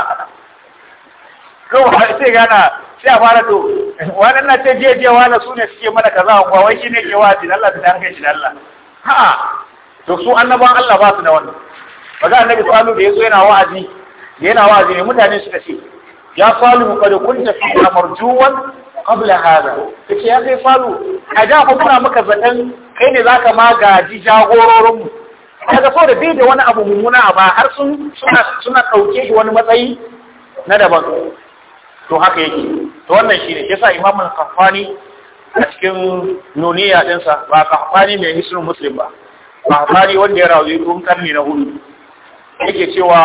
A: ko ba sai gana sai a fara to wannan na ce je je wala su ne suke mana kaza ko wai shine ke wazi Allah da dan kai shi Allah ha to su annabawan Allah ba su da wannan kaga annabi salu da yazo yana wa'azi yana wa'azi ne mutane suka ce ya salu qad kunta fi marjuwan qabla hada kace ya kai salu a da fa kuna maka zaton kai ne zaka magaji jagororin mu kaga so da bai da wani abu mummuna ba har sun suna suna dauke shi wani matsayi na daban to haka yake to wannan shi ne yasa imam al-kafani a cikin nuniya ɗinsa ba kafani mai hisnul musulun ba kafani wanda ya rawaye tun karni na hudu yake cewa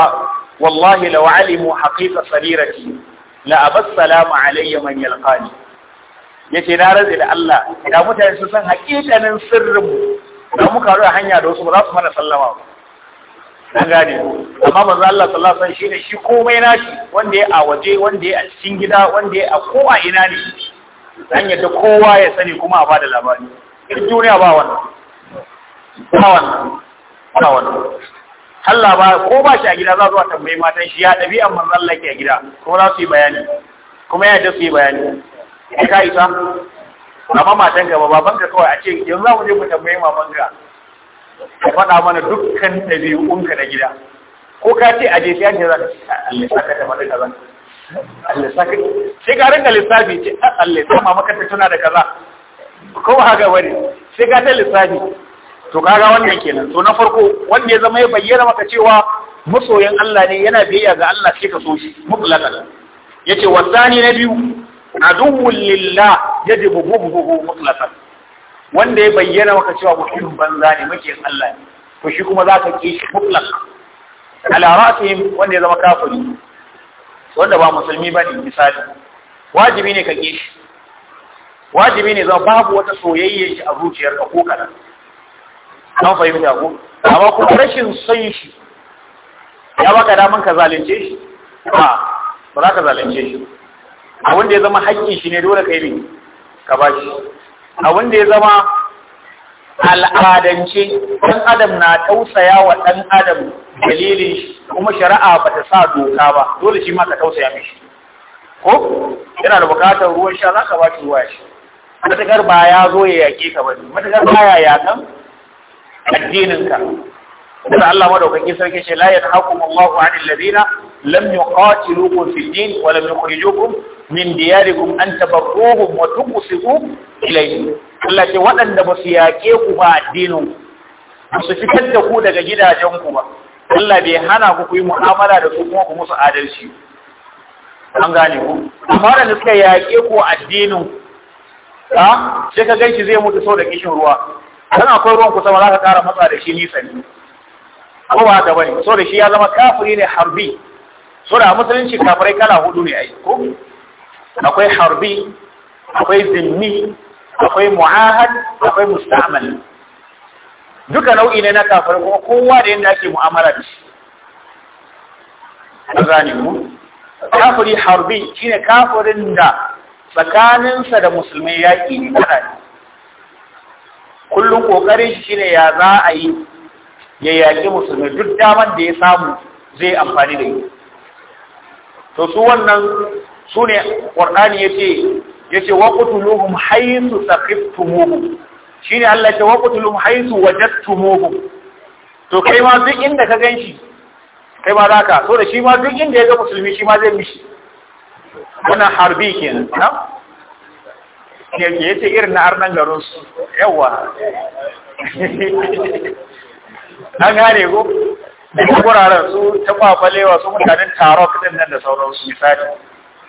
A: wallahi law alimu haqiqa sarirati la abassalamu alayya man yalqani yace na rantsa da Allah idan mutane sun san haƙiƙanin mu da muka a hanya da wasu ba za su mana sallama ba an gane ko amma manzo Allah sallallahu alaihi wasallam shine shi komai nashi wanda ya a waje wanda ya a cikin gida wanda ya a kowa ina ne dan yadda kowa ya sani kuma a bada labari duk duniya ba wannan ba wannan ba wannan Allah ba ko ba shi a gida za zuwa tambayi matan shi ya dabi'an manzo Allah ke a gida kuma za su yi bayani kuma ya yadda su yi bayani ka isa amma matan gaba babanka kawai a ce yanzu za mu je mu tambayi mamanka ka faɗa mana dukkan ɗabi'unka na gida ko ka ce a jefiya ne za ka ah, Allah saka da faɗi kaza Allah saka sai ka rinka lissafi ce ah, Allah ma maka ta tuna da kaza ko ba haka bane sai ka ta lissafi to kaga wannan kenan to na farko wanda ya zama ya bayyana maka cewa masoyan Allah ne yana biyayya ga Allah sai ka so shi mutlaqan yace wasani na biyu adu lillah yajibu bughduhu mutlaqan wanda ya bayyana maka cewa mutumin banza ne makiyin Allah ne to shi kuma za ka ki shi mutlak ala ra'sihim wanda ya zama kafiri wanda ba musulmi bane misali wajibi ne ka ki shi wajibi ne zama babu wata soyayya shi a zuciyarka ko kana an fahimta ko amma kuma rashin son shi ya baka daman ka zalunce shi ba ba za ka zalunce shi A wanda ya zama haƙƙin shi ne dole kai ne ka ba shi abin da ya zama al'adance ɗan adam na tausaya wa ɗan adam dalilin shi kuma shari'a ba ta sa doka ba dole shi ma ka tausaya mishi ko yana da bukatar ruwan sha za ka ba shi ruwa shi matakar ba ya zo ya yaƙe ka ba matakar ba ya yaƙan addininka da Allah madaukakin sarki shi la yadhakum Allahu 'anil ladina lam yuqatilukum fi din wa lam yukhrijukum min diyarikum an taba tabarruhum wa tuqsitu ilayhim Allah ce waɗanda ba su yaƙe ku ba addinin ba su fitar da ku daga gidajen ku ba Allah bai hana ku kuyi mu'amala da su kuma ku musu adalci an gane ku amma waɗanda suka yaƙe ku addinin ka sai ka ganshi zai mutu sau da kishin ruwa kana akwai ruwan kusa ba za ka kara matsa da shi nisa ne ko ba haka bane Sau da shi ya zama kafiri ne harbi da musulunci kafirai kala hudu ne ai ko akwai harbi akwai zimmi akwai mu'ahad akwai musta'mal duka nau'i ne na kafirai kuma kowa da yanda ake mu'amala da shi an gane mu kafiri harbi shine kafirin da tsakaninsa da musulmai yaƙi ne kana kullum ƙoƙarin shi shine ya za a yi ya yaƙi musulmai duk damar da ya samu zai amfani da yi to su wannan su ne ƙwarɗani ya ce ya ce waƙutuluhum haisu tsakiftumuhum shi ne Allah ce waƙutuluhum haisu wajattumuhum to kai ma duk inda ka gan shi kai ma za ka so da shi ma duk inda ya ga musulmi shi ma zai mishi
B: wannan harbi kenan na?
A: ya ce irin na arnan garinsu yawa an gane ko da wuraren su ta kwabalewa su mutanen tarok din nan da sauransu misali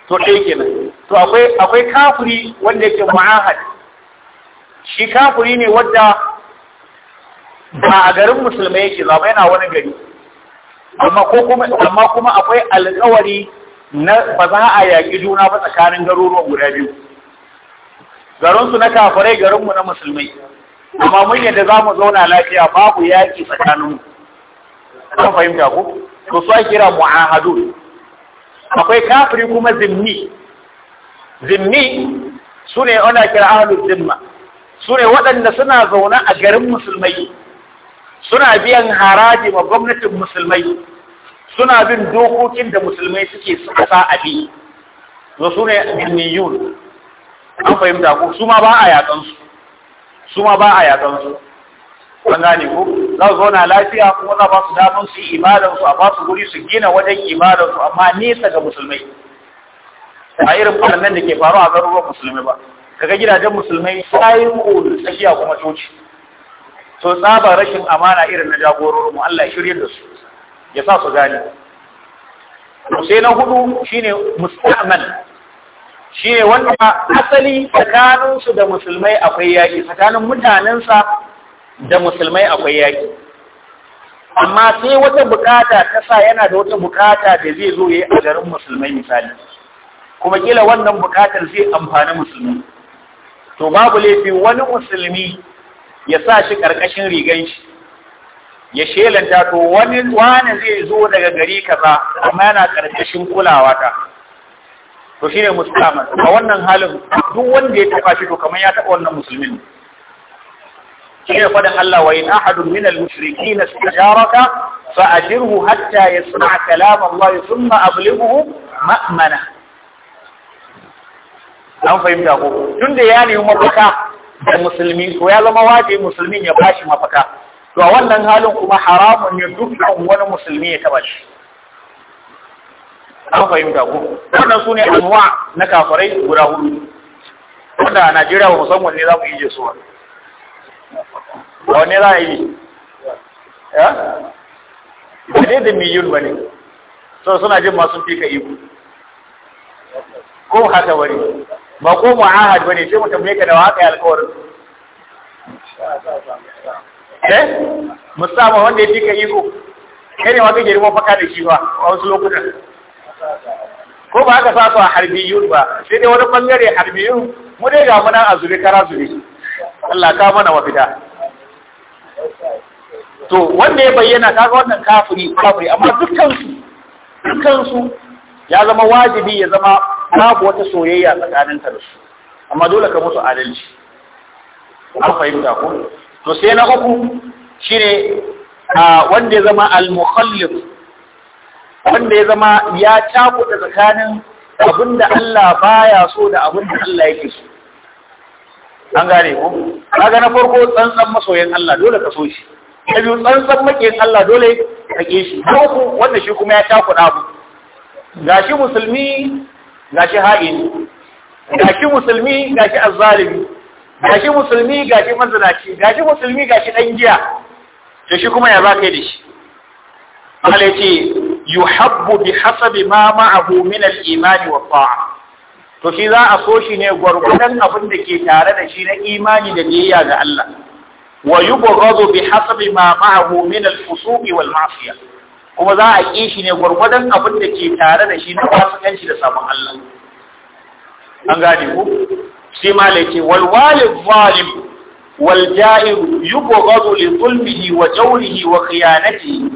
A: to ɗaya kenan to akwai akwai wanda yake ma'ahad shi kafuri ne wadda ba a garin musulmai yake zama yana wani gari amma kuma akwai alƙawari na ba za a yaƙi juna ba tsakanin garuruwan guda biyu garinsu na kafarai garinmu na musulmai amma mun yadda za mu zauna lafiya babu yaƙi tsakaninmu kan fahimta ko to su ake kira mu'ahadu akwai kafiri kuma zimmi zimmi sune ana kira ahlul zimma Sune waɗanda suna zaune a garin musulmai suna biyan haraji ma gwamnatin musulmai suna bin dokokin da musulmai suke sa a bi to sune zimmiyun an fahimta ko su ma ba a yatsansu su ma ba a yatsansu an gane ko za su zauna lafiya kuma za ba su damar su yi imadansu a ba su guri su gina wajen su amma nesa ga musulmai a irin nan da ke faru a zarurwa musulmai ba kaga gidajen musulmai sayin kolu tsakiya kuma coci to tsaba rashin amana irin na jagororin mu Allah ya shirya da su ya sa su gane sai na hudu shine musta'man shine wanda asali tsakanin su da musulmai akwai yaki tsakanin mutanensa da musulmai akwai yaki amma sai wata bukata ta sa yana da wata bukata da zai zo yayi a garin musulmai misali kuma kila wannan bukatar zai amfani musulmi to babu laifi wani musulmi ya sa shi ƙarƙashin rigan shi ya shelanta to wani wani zai zo daga gari kaza amma yana ƙarƙashin kulawa ta to shi ne musulman a wannan halin duk wanda ya taɓa shi to kamar ya taɓa wannan musulmin shine faɗin Allah wa in ahadun min al-mushrikeena istajaraka fa ajirhu hatta yasma' kalam Allah thumma ablighuhu ma'mana an fahimta ko tunda ya nemi mafaka da musulmi ko ya zama waje musulmin ya bashi mafaka to a wannan halin kuma haramun ne dukkan wani musulmi ya taba shi an fahimta ko wannan sune anwa na kafirai guda hudu wanda a Najeriya ba musamman ne za mu yi jesuwa wanne za a yi ya ba dai da miliyun ba ne so suna jin masu fika iko ko haka wani ba ko mu'ahad ba ne sai mutum ne ka da haka ya alkawarin eh musamman wanda ya fika iko kai ne ma kake rimo faka da shi ba a wasu lokutan ko ba haka sa su a harbiyun ba sai dai wani bangare harbiyun mu dai ga muna a zuri kara zuri Allah ka mana mafita
B: to wanda ya bayyana
A: kaga wannan kafiri kafiri amma dukkan su ya zama wajibi ya zama babu wata soyayya tsakanin ta da su amma dole ka musu adalci an fahimta ko to sai na uku shine wanda ya zama al-mukhallif wanda ya zama ya cakuɗa tsakanin abinda Allah baya so da abinda Allah yake so an gane ko kaga na farko tsantsan masoyin Allah dole ka so shi na biyu tsantsan makiyin Allah dole ka ke shi na uku wanda shi kuma ya sha takuɗa Ga shi musulmi ga gashi ha'in shi musulmi ga azalibi. azzalimi shi musulmi ga shi gashi Ga shi musulmi ga shi ɗan giya to shi kuma ya za ka yi da shi Allah ya ce yuhabbu bi hasabi ma ma'ahu min al-imani wa ta'a to shi za a so shi ne gwargwadon abin da ke tare da shi na imani da biyayya ga Allah wa yubghadu bi hasabi ma ma'ahu min al-fusuq wal ma'siyah kuma za a ki shi ne gwargwadon abin da ke tare da shi na fasikanci da sabon Allah an gane ku shi ma lai ce wal walid zalim wal ja'ir yubghadu li zulmihi wa jawrihi wa khiyanatihi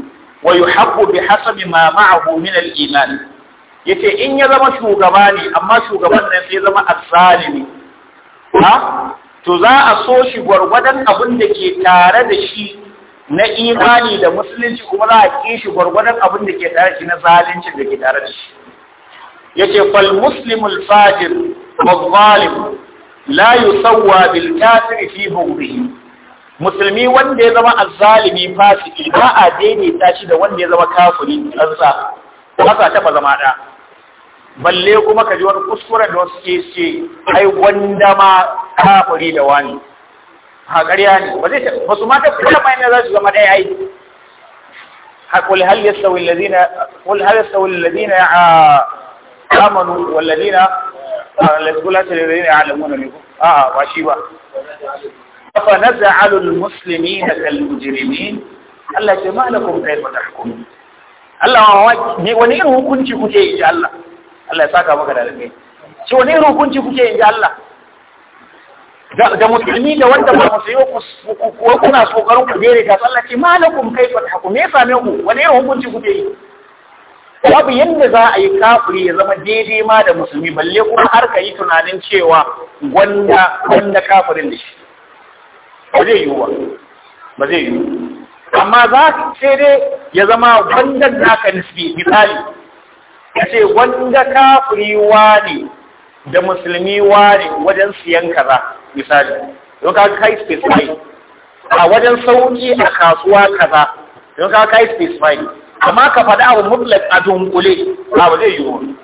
A: wa yuhabbu bi hasabi ma ma'ahu min al-iman yace in ya zama shugaba ne amma shugaban nan sai zama azzalimi ha to za a so shi gwargwadon abin da ke tare da shi na imani da musulunci kuma za a ki shi gwargwadon abin da ke tare shi na zalunci da ke tare da shi yace fal muslimul fajir wal zalim la yusawwa bil kafir fi musulmi wanda ya zama azzalimi fasiki ba a daidaita shi da wanda ya zama kafiri azza haka tafa zama ɗa balle kuma ka ji wani kuskure da wasu ce ai gwanda ma kafiri da wani ha ƙarya ne ba zai ba su mata kula mai ne za su zama ɗaya ai hakul hal yasawi alladhina qul hal yasawi alladhina amanu walladhina alladhina alladhina ya'lamuna ne ba. a ba shi ba fa naz'alul muslimina kal mujrimin Allah ya ce ma kai kayfa tahkumun Allah ne wani irin hukunci kuke yi ji Allah Allah ya saka maka da alƙai shi wani irin hukunci kuke yi ji Allah da musulmi da wanda ba musulmi ko kuna tsokarin ku dare ga Allah ce malakum kai fa haku me same ku wani irin hukunci kuke yi babu yadda za a yi kafiri ya zama daidai ma da musulmi balle kuma har ka yi tunanin cewa wanda wanda kafirin da shi ba zai yiwu ba ba zai yiwu amma za ka ce dai ya zama wannan naka nisbi misali ya ce wanda kafiri ne da musulmi ne wajen siyan kaza misali don ka kai specify a wajen sauki a kasuwa kaza don ka kai specify amma ka faɗa abu mutlak a dunkule a ba zai yiwu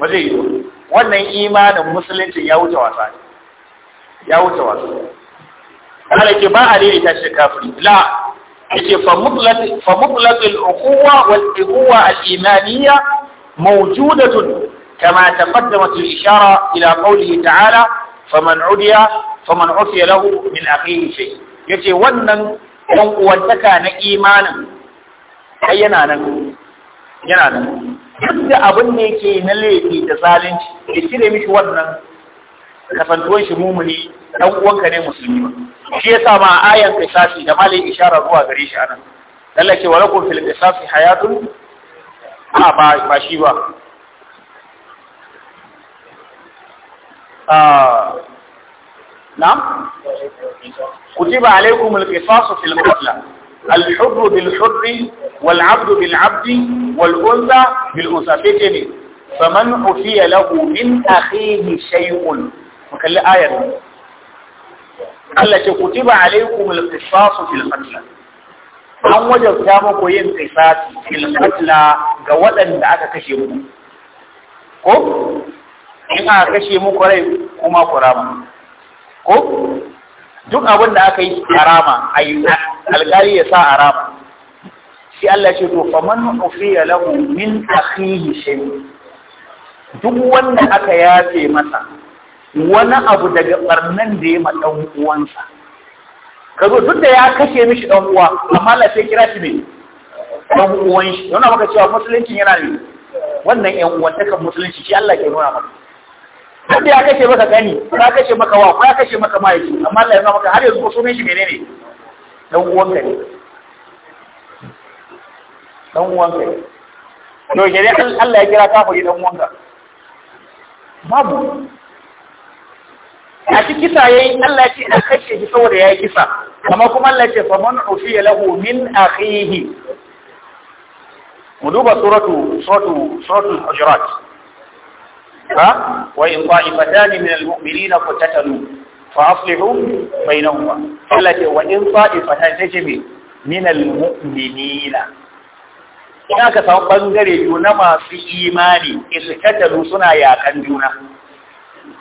A: ba zai yiwu wannan imanin musuluncin ya wuce wasa ya wuce wasa ala ba a ta shi kafiri la yake fa mutlatul uquwa wal uquwa al imaniyya mawjudatun kama taqaddamat al ishara ila qawlihi ta'ala faman udiya faman ufiya lahu min akhihi shay yace wannan dan uwantaka na imanin ai yana nan yana nan duk da abin ne ke na laifi da zalunci ya cire mishi wannan kasantuwan shi mumuni dan uwanka ne musulmi ba shi yasa ma ayan qisasi da malai ishara zuwa gare shi anan Allah ce walakum fil qisasi hayatun a ba ba shi ba ah na'am kutiba alaykum al qisasu fil qatla الحر بالحر والعبد بالعبد والأنثى بالأنثى فتني فمن عفي له من أخيه شيء mu kalli ayar Allah ce kutiba alaikumul qisasu fil qatl an ta muku yin qisasi fil qatl ga waɗanda aka kashe muku ko in aka kashe muku rai kuma ku rama ko duk abin da aka yi harama ayi alkali ya sa harama Shi Allah ce to faman ufiya lahu min akhihi shay duk wanda aka yafe masa wani abu daga ɓarnan da ya ma ɗan uwansa ka zo duk da ya kashe mishi ɗan uwa amma la sai kira shi ne ɗan uwan shi yana maka cewa musulunci yana ne wannan uwan uwantakan musulunci shi Allah ke nuna maka duk da ya kashe maka gani ya kashe maka wa ko ya kashe maka mahaifi amma Allah ya nuna maka har yanzu ko sunan shi menene ɗan uwanka ne ɗan uwanka ne to gare Allah ya kira kafiri ɗan uwanka babu a cikin kisa yayi Allah ce a kashe shi saboda yayi kisa amma kuma Allah ce fa man ufiya lahu min akhihi muduba suratu suratu suratul hujurat ha wa in ta'ifatan min almu'minina qatatalu fa aslihu bainahuma Allah ce wa in ta'ifatan tajmi min almu'minina ina ka samu bangare biyu na masu imani iskatalu suna yakan juna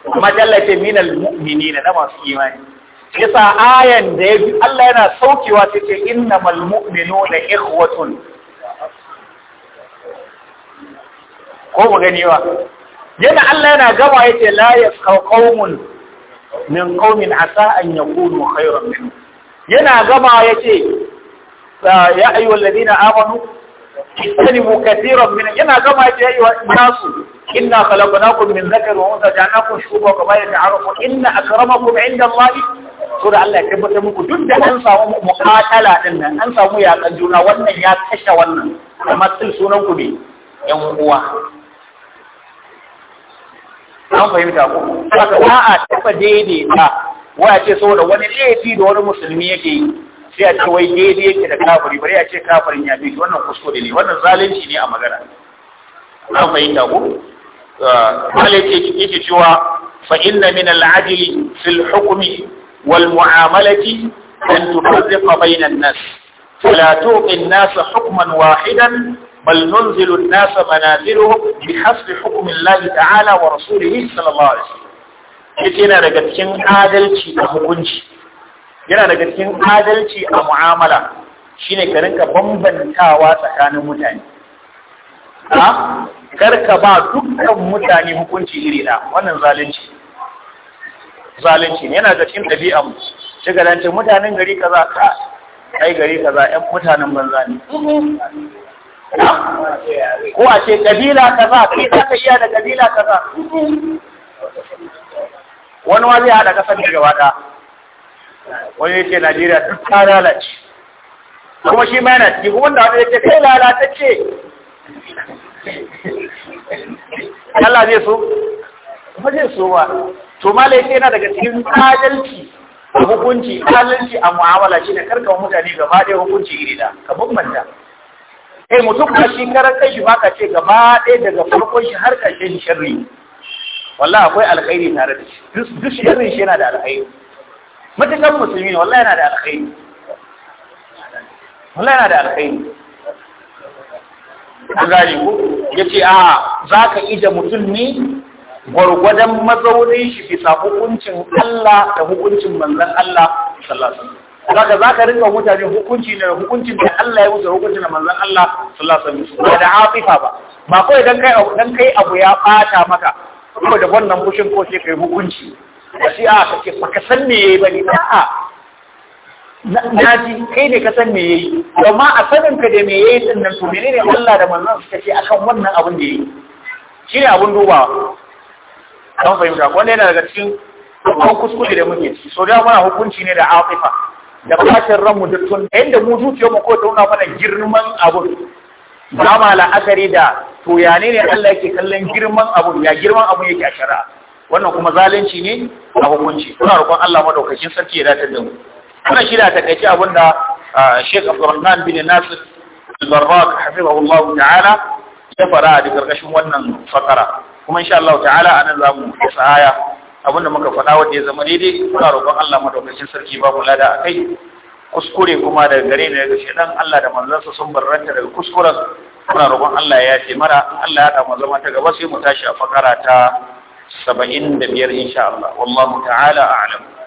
A: kuma tallace minal mu'minina na masu imani yasa ayan da ya bi Allah yana saukewa ta ce innamal mu'minuna ikhwatun ko mu gani ba yana Allah yana gama ce la yaskaw qaumun min qaumin asa an yakunu khayran minhum yana gama yace ya ayyuhalladhina amanu istanibu katiran min yana gama yace ya ayyuhan nasu inna khalaqnakum min zakar wa unsa ja'alnakum shuba wa qabaila ta'arufu inna akramakum 'inda Allah da Allah ya tabbata muku duk da an samu muqatala din nan an samu ya kan juna wannan ya kashe wannan amma sun sunan ku ne yan uwa an fahimta ko saka wa a taɓa daidaita. Waya wa ya ce saboda wani laifi da wani musulmi yake sai a ce wai daidai yake da kafiri bari a ce kafirin ya bi wannan da ne wannan zalunci ne a magana an fahimta ko yake cewa fa inna min al-adli fil hukmi wal mu'amalati an tufarriqa bayna an-nas fala tuqi an-nas hukman wahidan بل ننزل الناس منازلهم بحسب حكم ta'ala wa ورسوله صلى الله yana daga cikin adalci a hukunci yana daga cikin adalci a mu'amala shine ka rinka bambantawa tsakanin mutane karka ba dukkan mutane hukunci iri na wannan zalunci zalunci ne yana ga cikin ɗabi'an mu mutanen gari kaza ka ai gari kaza ƴan mutanen banza ne ko a ce kabila kaza kai za ka iya da kabila kaza wani wani ya haɗa ƙasar da wata wani ya ce najeriya duk ta lalace kuma shi ma na ciki wanda wani ya ce kai lalatacce Allah zai so ba zai so ba to malai yana daga cikin adalci a hukunci adalci a mu'amala shi ne karkan mutane gaba ɗaya hukunci iri da ka bambanta E, mutum ka shi karan kai shi baka ce gaba ɗaya daga farkon shi har ƙarshen shi sharri Walla akwai alkhairi tare da shi duk sharrin shi yana da alkhairi matukan musulmi ne wallahi yana da alkhairi Walla yana da alkhairi
B: an gane ku ya ce a
A: za ka ije mutum ne gwargwadon mazaunin shi bisa hukuncin Allah da hukuncin manzan Allah sallallahu alaihi wasallam za ka rinka mutane hukunci ne hukuncin da Allah ya wuce hukuncin da manzan Allah sallallahu alaihi wasallam da afifa ba ba kawai don kai dan kai abu ya bata maka da wannan fushin ko sai kai hukunci shi a kake ka san me yayi bane a'a na kai ne ka san me yayi amma a sanin ka da me yayi din nan to menene Allah da manzon suka ce akan wannan abin da yayi shi ne abin duba. kan fahimta ko ne daga cikin kan kuskure da muke ci so da muna hukunci ne da afifa da bashin ranmu da tun inda mu mu ko ta nuna mana girman abin ba ma la'akari da to ya ne Allah yake kallon girman abin ya girman abin yake a shari'a wannan kuma zalunci ne a hukunci kuna roƙon Allah madaukakin sarki ya datar da mu wannan shi da takaice abinda Sheikh Abdulrahman bin Nasir al-Barrak hafizahullahu ta'ala ya fara a karkashin wannan fakara kuma insha Allah ta'ala anan zamu mu fasa aya abinda muka faɗa wanda ya zama daidai muna roƙon Allah madaukakin sarki ba mu lada akai kuskure kuma daga gare ne daga shedan Allah da manzansa sun barranta daga kuskuren muna roƙon Allah ya ce mara Allah ya da mu zama ta gaba sai mu tashi a fakara ta 75 insha Allah wallahu ta'ala a'lam